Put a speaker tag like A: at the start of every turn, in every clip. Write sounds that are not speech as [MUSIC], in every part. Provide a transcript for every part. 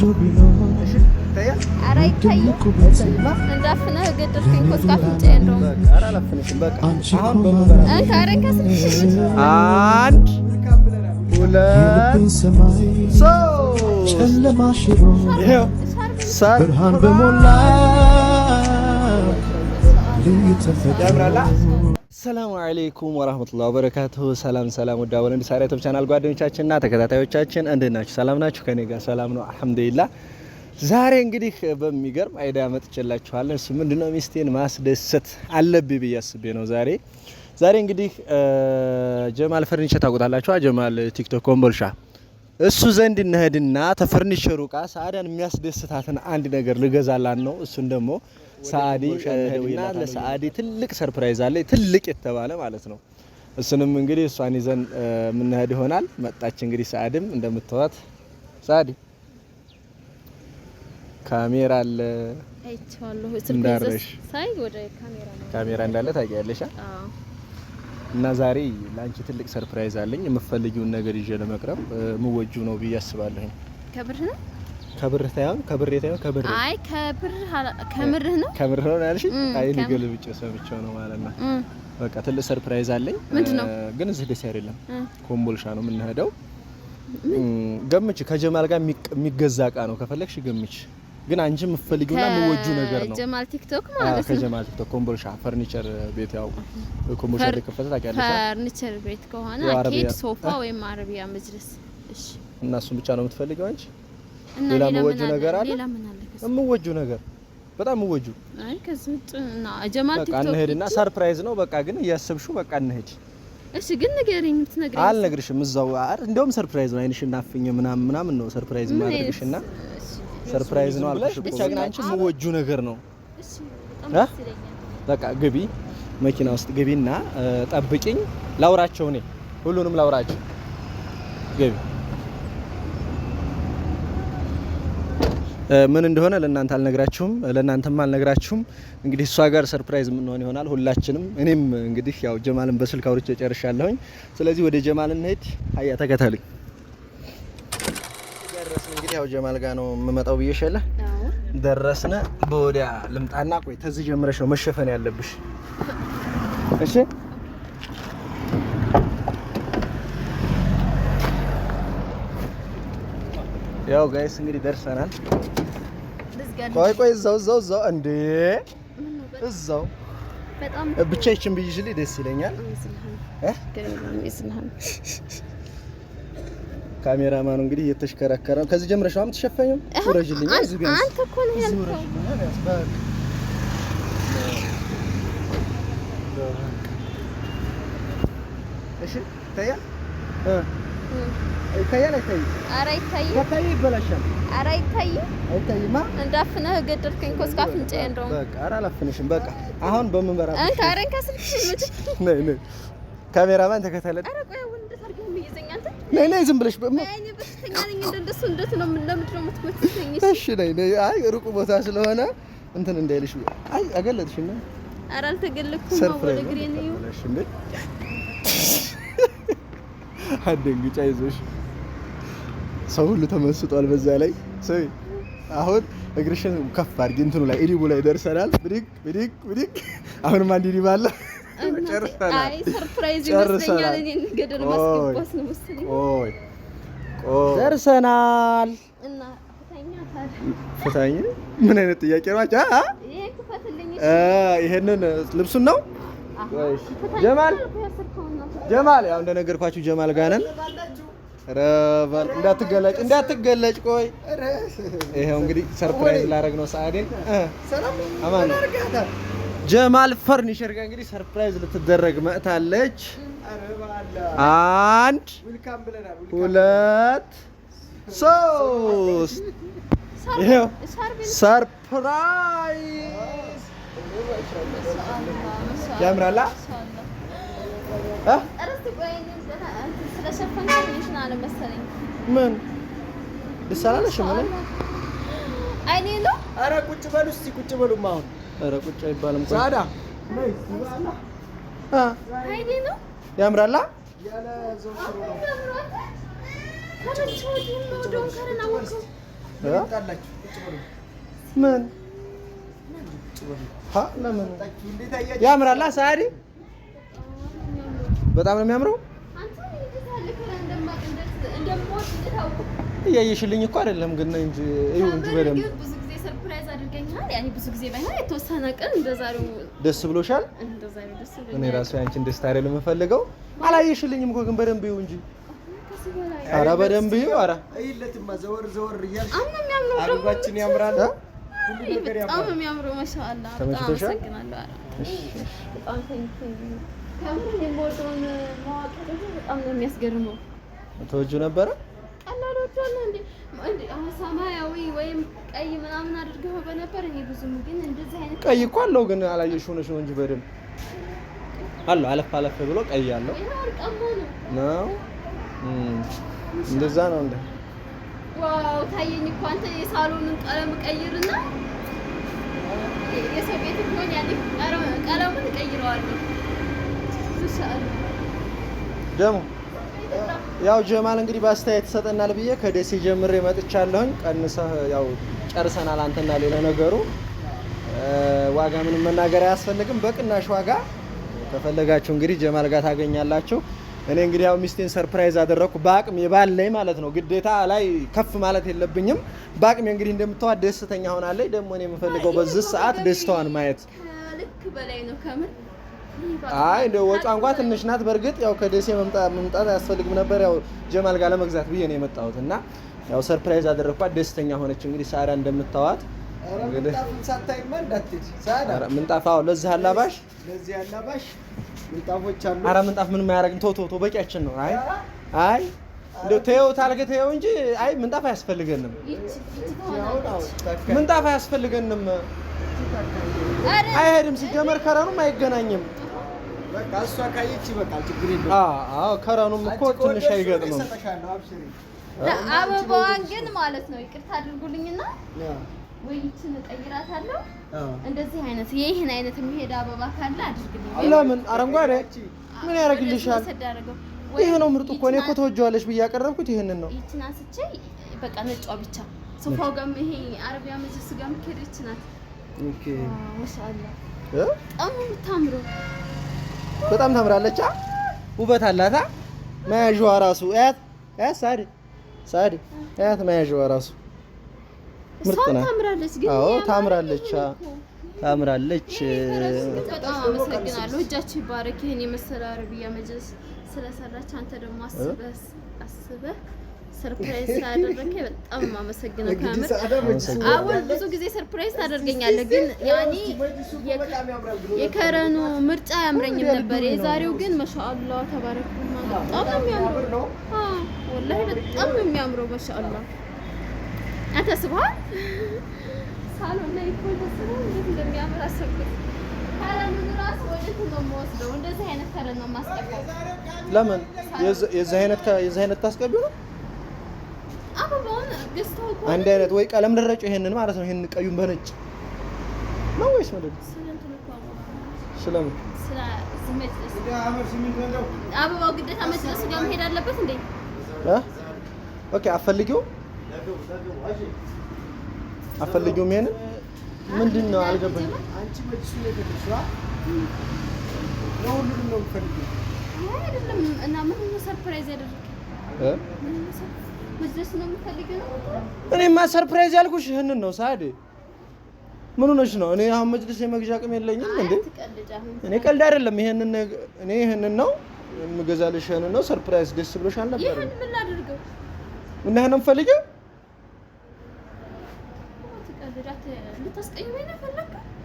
A: አንድ
B: ሁለት ጨለማ ሽሮ ብርሃን በሞላ ልዩ ተፈጥሮ አሰላሙ አለይኩም ወራህመቱላሂ ወበረካቱሁ። ሰላም ሰላም፣ ወዳ ወለንድ ሳራ ዩቲዩብ ቻናል ጓደኞቻችንና ተከታታዮቻችን እንዴት ናችሁ? ሰላም ናችሁ? ከኔ ጋር ሰላም ነው አልሐምዱሊላህ። ዛሬ እንግዲህ በሚገርም አይዳ መጥቼላችኋለሁ። እሱ ምንድነው ሚስቴን ማስደሰት አለብኝ ብዬ አስቤ ነው ዛሬ ዛሬ እንግዲህ ጀማል ፈርኒቸር ታውቁታላችሁ። ጀማል ቲክቶክ ኮምቦልሻ እሱ ዘንድ እንሄድና ተፈርኒቸሩ ቃ ሳዳን የሚያስደስታትን አንድ ነገር ልገዛላት ነው እሱን ደግሞ ሰአዲ እና ለሰአዲ ትልቅ ሰርፕራይዝ አለ፣ ትልቅ የተባለ ማለት ነው። እሱንም እንግዲህ እሷን ይዘን የምንሄድ ይሆናል። መጣች እንግዲህ ሰአድም እንደምትዋት ሰአዲ ካሜራ አለ እንዳረሽ ካሜራ እንዳለ ታውቂያለሽ። እና ዛሬ ለአንቺ ትልቅ ሰርፕራይዝ አለኝ። የምፈልጊውን ነገር ይዤ ለመቅረብ ምወጁ ነው ብዬ አስባለሁ። ከብር ነው ከብር ሳይሆን ከብር ሳይሆን ከብር አይ ከብር ከምርህ ነው ከምርህ ነው ያልሽ? አይ ንገል ብጭ ሰምቼው ነው ማለት ነው። በቃ ትልቅ ሰርፕራይዝ አለኝ። ግን እዚህ ደስ አይደለም። ኮምቦልሻ ነው የምንሄደው። ገምች። ከጀማል ጋር የሚገዛ እቃ ነው። ከፈለግሽ ገምች። ግን አንቺ የምትፈልጊውና የምወጁ ነገር ነው። ጀማል ቲክቶክ ማለት ነው። ከጀማል ቲክቶክ ኮምቦልሻ ፈርኒቸር ቤት ያው ኮምቦልሻ ላይ ከፈተ ታውቂያለሽ። ፈርኒቸር ቤት ከሆነ አኬድ ሶፋ ወይም አረቢያ መጅልስ። እሺ። እና እሱን ብቻ ነው የምትፈልጊው አንቺ? ሌላ ምወጁ ነገር አለ? የምወጁ ነገር በጣም የምወጁ አይ፣ ከዚህ ውጭ እና ጀማል ቲክቶክ እንሂድና ሰርፕራይዝ ነው በቃ። ግን እያሰብሽው በቃ እንሂድ። እሺ፣ ግን ንገሪኝ። የምትነግሪኝ አልነግርሽም። እዛው አይደል? እንደውም ሰርፕራይዝ ነው። አይንሽ አፍኜ ምናምን ምናምን ነው ሰርፕራይዝ ማድረግሽና ሰርፕራይዝ ነው አልኩሽ። ብቻ ግን አንቺ የምወጁ ነገር ነው። እሺ፣ በቃ ግቢ፣ መኪና ውስጥ ግቢና ጠብቂኝ። ላውራቸው፣ እኔ ሁሉንም ላውራቸው። ግቢ ምን እንደሆነ ለእናንተ አልነግራችሁም፣ ለእናንተም አልነግራችሁም። እንግዲህ እሷ ጋር ሰርፕራይዝ የምንሆን ይሆናል ሁላችንም። እኔም እንግዲህ ያው ጀማልን በስልክ አውርቼ ጨርሻለሁኝ። ስለዚህ ወደ ጀማል እንሄድ። አያ ተከተሉኝ። ደረስን እንግዲህ ያው ጀማል ጋር ነው የምመጣው ብዬሻለ። ደረስነ በወዲያ ልምጣና ቆይ ተዚህ ጀምረሽ ነው መሸፈን ያለብሽ እሺ ያው ጋይስ እንግዲህ ደርሰናል። ቆይ ቆይ እዛው እዛው እዛው እንዴ እዛው ብቻ ይችን ብይሽልኝ ደስ ይለኛል። [LAUGHS] ካሜራማኑ እንግዲህ እየተሽከረከረ ነው። ከዚህ ጀምረሽ ነው የምትሸፈኘው። ውረጅልኝ። እዚህ ቢያንስ አንተ እኮ ነው ያልከው። እሺ ይታያል። ይታያል አይታይም? ኧረ ይታይም። ከታየ ይበላሻል። ኧረ አይታይም። አይታይማ እንዳፍነህ ገደልከኝ እኮ እስከ አፍንጫዬ። እንደውም በቃ ኧረ አላፍንሽም። በቃ አሁን በምንበራ አንተ ኧረ እንካ ስልክሽ ነይ ነይ፣ ካሜራማን ተከታተለ። ኧረ ቆይ አሁን እንዴት አድርገህ ነው የሚይዘኝ አንተ? ነይ ነይ፣ ዝም ብለሽ በማ ነይ ነይ። በሽተኛ ነኝ እንደሱ እንዴት ነው ለምንድን ነው የምትመጪኝ? እሺ ነይ ነይ። አይ ሩቁ ቦታ ስለሆነ እንትን እንዳይልሽ። አይ አገለጥሽና። ኧረ አልተገለጥኩም ነው ወደ እግሬ ነው አደንግጫ ይዞሽ ሰው ሁሉ ተመስጧል። በዛ ላይ ሰው አሁን እግርሽን ከፍ አድርጊ እንትኑ ላይ ኢዲቡ ላይ ደርሰናል። ብድግ ብድግ ብድግ። አሁንም አንድ ኢዲባ አለ። ደርሰናል እና ፍታኝ ምን አይነት ጥያቄ ነው? አቻ ይሄንን ልብሱን ነው ጀማል ጀማል ያው እንደነገርኳችሁ ጀማል ጋር ነን። እንዳትገለጭ እንዳትገለጭ። ቆይ ይሄው እንግዲህ ሰርፕራይዝ ላደርግ ነው ሰዓዴን አማን ጀማል ፈርኒቸር ጋር እንግዲህ ሰርፕራይዝ ልትደረግ መጥታለች። አንድ ሁለት ሶስት ይሄው ሰርፕራይዝ ያምራላ ምን ደስ ምን አይኔ ነው። አረ ቁጭ በሉ እስቲ ቁጭ በሉ። አሁን አረ ቁጭ አይባልም። ዛዳ አይኔ ነው። ያምራላ ምን ያምራላ ሳሪ በጣም ነው የሚያምረው። እያየሽልኝ እኮ አይደለም ግን እንጂ እዩ እንጂ በደንብ ብዙ ጊዜ ባይሆን የተወሰነ ቀን እንደዛሬው ደስ ብሎሻል። እኔ ራሱ ያንቺን ደስታ አይደለም የምፈልገው። አላየሽልኝም እኮ ግን በደንብ እንጂ ኧረ በደንብ እዩ። ኧረ ዘወር ዘወር እያልሽ አበባችን ያምራል። በጣም የሚያምሩ ማሻአላ። በጣም አመሰግናለሁ። ተወጁ ነበረ ሰማያዊ ወይም ቀይ ምናምን አድርገው በነበር እኔ ብዙም ግን እንደዚህ አይነት ቀይ እኮ አለው ግን አላየሽ ሆነሽ ነው እንጂ በደንብ አለው። አለፍ አለፍ ብሎ ቀይ አለው ነው እንደዛ ነው እንደ ዋው ታየኝ እኮ አንተ የሳሎኑን ቀለም ቀይርና የሰው ቤት ቢሆን ያኔ ቀለሙን እቀይረዋለሁ። ደግሞ ያው ጀማል እንግዲህ በአስተያየት ትሰጠናል ብዬ ከደሴ ጀምሬ መጥቻለሁኝ። ቀንሰህ ያው ጨርሰናል። አንተና ሌላ ነገሩ ዋጋ ምንም መናገር አያስፈልግም። በቅናሽ ዋጋ ከፈለጋችሁ እንግዲህ ጀማል ጋር ታገኛላችሁ። እኔ እንግዲህ ያው ሚስቴን ሰርፕራይዝ አደረኩ በአቅሜ ባለኝ ማለት ነው። ግዴታ ላይ ከፍ ማለት የለብኝም። በአቅሜ እንግዲህ እንደምታዋት ደስተኛ ሆናለች። ደግሞ እኔ የምፈልገው በዚህ ሰዓት ደስታዋን ማየት አይ እንደ ወጪ እንኳ ትንሽ ናት። በእርግጥ ያው ከደሴ መምጣት አያስፈልግም ነበር። ያው ጀማል ጋር ለመግዛት ብዬ ነው የመጣሁት እና ያው ሰርፕራይዝ አደረኳት። ደስተኛ ሆነች። እንግዲህ ሳራ እንደምታዋት ምንጣፍ ለዚህ አላባሽ ለዚህ አላባሽ ምንጣፎች አሉ። ኧረ ምንጣፍ ቶ በቂያችን ነው። አይ አይ እንደው ተይው ተይው እንጂ አይ ምንጣፍ አያስፈልገንም፣ ምንጣፍ አያስፈልገንም። አይሄድም ሲጀመር ከረኑም አይገናኝም። በቃ እሷ ካየች ይበቃል፣ ችግር አዎ ከረኑም እኮ ትንሽ አይገጥምም። አበባዋን ግን ማለት ነው ይቅርታ አድርጉልኝና ወይ ይችን አይነት የሚሄድ አበባ ለምን አረንጓዴ ምን ያደርግልሻል? ይህ ነው ምርጡ እኮ። እኔ እኮ ብዬ ያቀረብኩት ይህንን ነው። ይችን አስቼ በቃ ነጯ ብቻ ሶፋው ይሄ አረቢያ ኦኬ ማሻአላ በጣም የምታምረው በጣም ታምራለች። ውበት አላታ መያዣዋ ራሱ ሳዲ ሳዲ መያዣዋ ራሱ ምርጥ ነው። አዎ ታምራለች፣ ታምራለች። በጣም አመሰግናለሁ። እጃችሁ ይባረክ። ይሄን የመሰለ መጅልስ ስለሰራች አንተ ደግሞ አስበህ አስበህ ሰርፕራይዝ በጣም አመሰግናለሁ። አሁን ብዙ ጊዜ ሰርፕራይዝ ታደርገኛለህ፣ ግን ያኔ የከረኑ ምርጫ አያምረኝም ነበር። የዛሬው ግን ማሻአላህ ተባረክ። በጣም ነው የሚያምረው። አዎ ወላሂ በጣም ነው የሚያምረው። ማሻአላህ ተስቧል። ሳሎን ላይ እኮ ተስቧል። እንዴት እንደሚያምር አሰብኩት። አይነት ነው ለምን የዚህ አይነት ነው? አንድ አይነት ወይ ቀለም ልረጭ፣ ይሄንን ማለት ነው። ይሄን ቀዩን በነጭ ነው ወይስ ምንድን ነው? ስለምን አበባው ግዴታ መስለስ ጋር መሄድ አለበት እንዴ? ኦኬ አፈልጊው አፈልጊውም ይሄንን ምንድን ነው አልገባኝም። አንቺ መልሱ ነው ነው ሰርፕራይዝ እኔማ ሰርፕራይዝ ያልኩሽ ይህንን ነው ሳዲ። ምን ሆነሽ ነው? እኔ አሁን መጅልስ የመግዣ አቅም የለኝም እንዴ? እኔ ቀልድ አይደለም። ይሄንን እኔ ይሄንን ነው የምገዛልሽ። ይሄንን ነው ሰርፕራይዝ። ደስ ብሎሽ ይሄን ምን አልነበረም እና ይሄንን ፈልጊው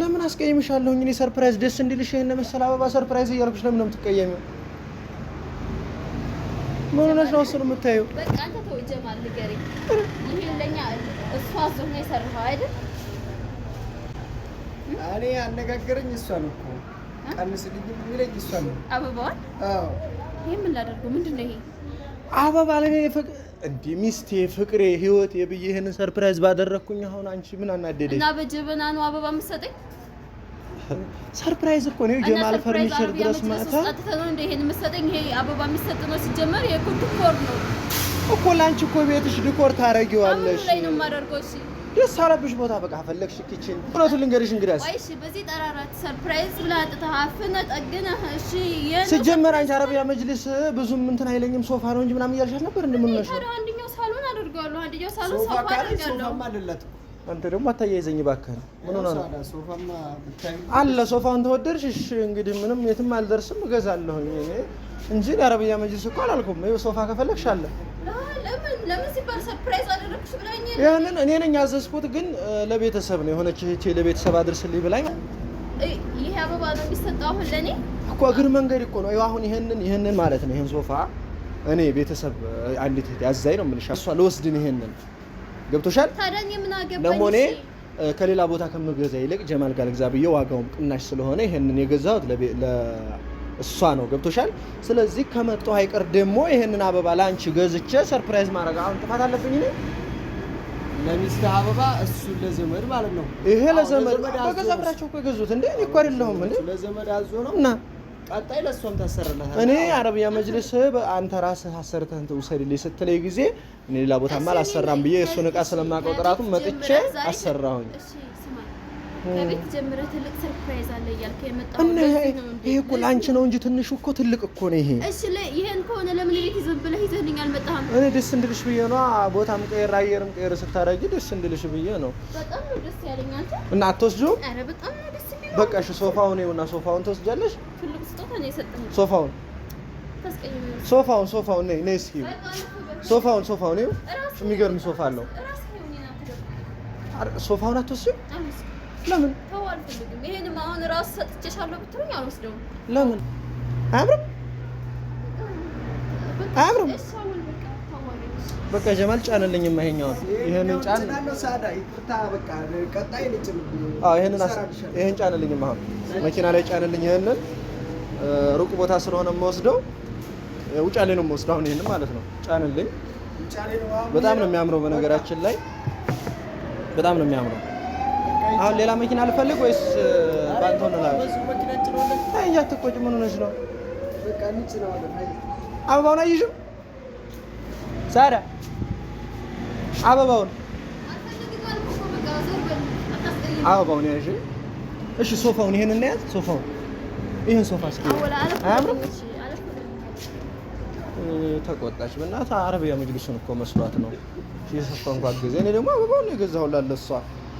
B: ለምን አስቀይምሻለሁኝ? እኔ ሰርፕራይዝ ደስ እንዲልሽ ይሄን መሰል አበባ ሰርፕራይዝ እያልኩሽ ለምን ነው የምትቀየሚው? ምን ሆነሽ ነው እሱን የምታየው? በቃ አንተ ተው ጀማል፣ ንገሪኝ። ይሄን ለኛ እሷ አዞ ነው አይደል? እኔ ያነጋገረኝ እሷ ነው እኮ ቀንስልኝ የሚለኝ እሷ ነው። አበባዋን? አዎ። ይሄ ምን ላደርገው? ምንድን ነው ይሄ አበባ ለኔ እንዲህ ሚስቴ፣ ፍቅሬ፣ ህይወት ብዬ ሰርፕራይዝ ባደረግኩኝ አሁን አንቺ ምን አናደደኝ? እና በጀበና ነው አበባ የምትሰጠኝ? ሰርፕራይዝ እኮ ነው። ጀማል ፈርኒቸር ድረስ ማታ አበባ የሚሰጥ ነው። ሲጀመር ይሄ ዲኮር ነው እኮ ለአንቺ እኮ ቤትሽ ዲኮር ታረጊዋለሽ። ላይ ነው የማደርገው። እሺ ደስ አለብሽ ቦታ በቃ ፈለግሽ ኪችን እውነቱን ልንገርሽ እንግዲያስ እሺ በዚህ ጠራራ ሰርፕራይዝ ብላ አጥተህ አፍነህ ጠግነህ እሺ ስጀመር አንቺ አረቢያ መጅልስ ብዙም እንትን አይለኝም ሶፋ ነው እንጂ ምናምን እያልሻት ነበር እንደምንነሽ ነው አንደኛው ሳሎን አድርገዋለሁ አንደኛው ሳሎን ሶፋ አድርገዋለሁ አንተ ደግሞ አታያይዘኝ እባክህ ምን ሆነ ነው አለ ሶፋውን ተወደድሽ እሺ እንግዲህ ምንም የትም አልደርስም እገዛለሁኝ እንጂ አረቢያ መጅልስ እኮ አላልኩም ይኸው ሶፋ ከፈለግሽ አለ ያንን እኔ ነኝ ያዘዝኩት፣ ግን ለቤተሰብ ነው የሆነች እህቴ ለቤተሰብ አድርስልኝ ብላኝ። ይሄ አበባ ነው የሚሰጠው አሁን ለእኔ እኮ እግር መንገድ እኮ ነው። አሁን ይሄንን ይሄንን ማለት ነው ይሄን ሶፋ እኔ ቤተሰብ አንዲት እህቴ አዛኝ ነው የምልሽ፣ እሷ ለወስድን ይሄንን ገብቶሻል። ደግሞ እኔ ከሌላ ቦታ ከምገዛ ይልቅ ጀማል ጋር ልግዛ ብዬ ዋጋውም ቅናሽ ስለሆነ ይሄንን የገዛሁት እሷ ነው ገብቶሻል። ስለዚህ ከመጣሁ አይቀር ደግሞ ይህንን አበባ ለአንቺ ገዝቼ ሰርፕራይዝ ማድረግ አሁን ጥፋት አለብኝ እኔ ለሚስት አበባ እሱ ለዘመድ ማለት ነው። ይሄ ለዘመድ በገዛ ብራቸው እኮ የገዙት እንዴ? እኔ እኮ አይደለሁም እንዴ? ለዘመድ አዞ ነው እና ቀጣይ ለእሷም ታሰርላት። እኔ አረብያ መጅልስ አንተ ራስህ አሰርተህ ውሰድልኝ ስትለኝ ጊዜ እኔ ሌላ ቦታማ አላሰራም ብዬ እሱን እቃ ስለማውቀው ጥራቱን መጥቼ አሰራሁኝ። ይሄ እኮ ለአንቺ ነው እንጂ ትንሹ እኮ ትልቅ እኮ ነው። ይሄ ይሄን ከሆነ ለምን ቤት ይዘን ብለህ ይዘህልኝ አልመጣህም? እኔ ደስ እንድልሽ ብዬ ነዋ። ቦታም ቀየር አየርም ቀይር ስታረጊ ደስ እንድልሽ ብዬ ነው። በጣም ነው ደስ ያለኝ። አንተ እና አትወስጂውም? ኧረ በጣም ነው ደስ የሚለው። በቃ እሺ፣ ሶፋውን ይኸውና፣ ሶፋውን ትወስጃለሽ። ትልቅ ስጦታ ነው የሰጠኸኝ። ሶፋውን ሶፋውን ሶፋውን ነይ ነይ፣ እስኪ ሶፋውን ሶፋውን፣ ይኸው የሚገርም ሶፋ አለው። ሶፋውን አትወስጂውም? ለምን ተው፣ አልፈልግም። ይሄንም አሁን ራስ ሰጥቼሻለሁ ብትሉኝ አልወስደውም። ለምን አያምርም፣ አያምርም። በቃ ጀማል ጫንልኝማ፣ ይሄኛውን ይሄንን ጫን። አዎ ይሄንን ይሄን አሁን መኪና ላይ ጫንልኝ። ይሄንን ሩቅ ቦታ ስለሆነ የምወስደው ውጫሌ ነው የምወስደው። አሁን ይሄንን ማለት ነው ጫንልኝ። በጣም ነው የሚያምረው፣ በነገራችን ላይ በጣም ነው የሚያምረው። አሁን ሌላ መኪና አልፈልግ ወይስ ባንተ ሆነ ነው? አይ አትቆጭ፣ ምን ሆነሽ ነው? አለ። አበባውን አይዥም ሳራ፣ አበባውን አበባውን ያዥ። እሺ፣ ሶፋውን ይሄን እናያዝ። ሶፋውን ይሄን ሶፋ እስኪ አያምርም? ተቆጣች በእናትህ። አረቢያ መጅልሱን እኮ መስሏት ነው የሰፋ እንኳን ጊዜ። እኔ ደግሞ አበባውን ነው የገዛሁላት ለእሷ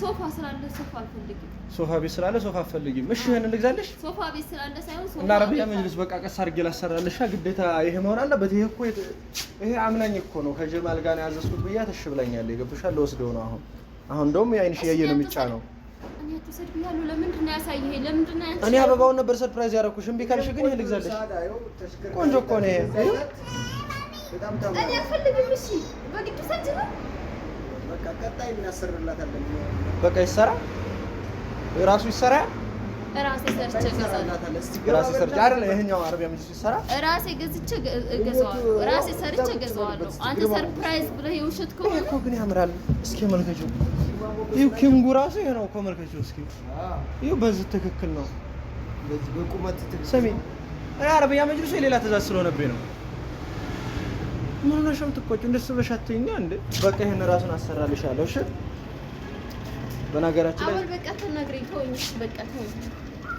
B: ሶፋ ስላለ ሶፋ አልፈልግም። ሶፋ ቤት ስላለ ሶፋ አልፈልግም። እሺ ይሄን ልግዛልሽ። ሶፋ ቤት ስላለ ሳይሆን ሶፋ እና አረቢያ መጅልስ በቃ ቀስ አድርጌ ላሰራልሻ። ግዴታ ይሄ መሆን አለበት። ይሄ እኮ ይሄ አምናኝ እኮ ነው ከጀማል ጋር ነው ያዘዝኩት ብያት እሺ ብላኛለች። ይገብሻል። ነው አሁን አሁን እንደውም የአይንሽ እያየ ነው የሚጫ ነው እኔ አበባውን ነበር ሰርፕራይዝ ያደረኩሽ። እምቢ ካልሽ ግን ይሄ ልግዛለሽ። ቆንጆ እኮ ነው ይሄ በቃ ቀጣይ እናሰርላታለን። በቃ ይሰራ ራሱ ይሰራ ራሴ ሰርቼ እገዛለሁ። ራሴ ሰርቼ አይደለ ይሄኛው አረቢያ መጅሊስ ይሰራ ራሴ ገዝቼ እገዛዋለሁ። ራሴ ሰርቼ እገዛዋለሁ። አንተ ሰርፕራይዝ ብለህ የውሸት ከሆነ እኮ ግን ያምራል። እስኪ መልከቹ ይኸው ኪንጉ ራሱ ይሄ ነው እኮ መልከቹ። እስኪ ይኸው በዚህ ትክክል ነው። በዚህ በቁመት ትክክል ሰሚ አረቢያ መጅሊሱ የሌላ ትእዛዝ ስለሆነብኝ ነው ምን ሆነሽ ነው የምትቆጪው? እንደሱ በሻተኛ እንደ በቃ ይሄን ራሱን አሰራልሻለሁ። እሺ በነገራችን ላይ አሁን በቃ ተናግረኝ ተወኝ። በቃ ተወኝ።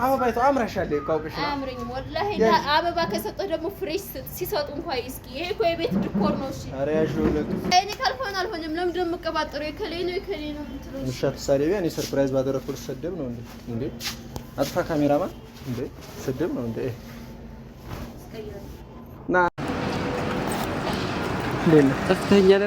B: አበባ ይተው አምራሻል። ይቃውቅሽ አምረኝም ወላሂ። አበባ ከሰጠው ደግሞ ፍሬሽ ሲሰጡ እንኳን እስኪ ይሄ እኮ የቤት ድኮር ነው። እሺ ኧረ ያሽው ልክ እኔ ካልሆነ አልሆነም። ለምን ደም የምቀባጥረው የከሌ ነው የከሌ ነው የምትለው? እሺ አትሳደቢ። እኔ ሰርፕራይዝ ባደረኩ ልሰደብ ነው እንዴ? እንዴ አጥፋ ካሜራማን እንዴ ስድብ ነው እንዴ? ና ጠፍተኛል።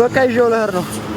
B: በቃ ይዤው ልሄድ ነው።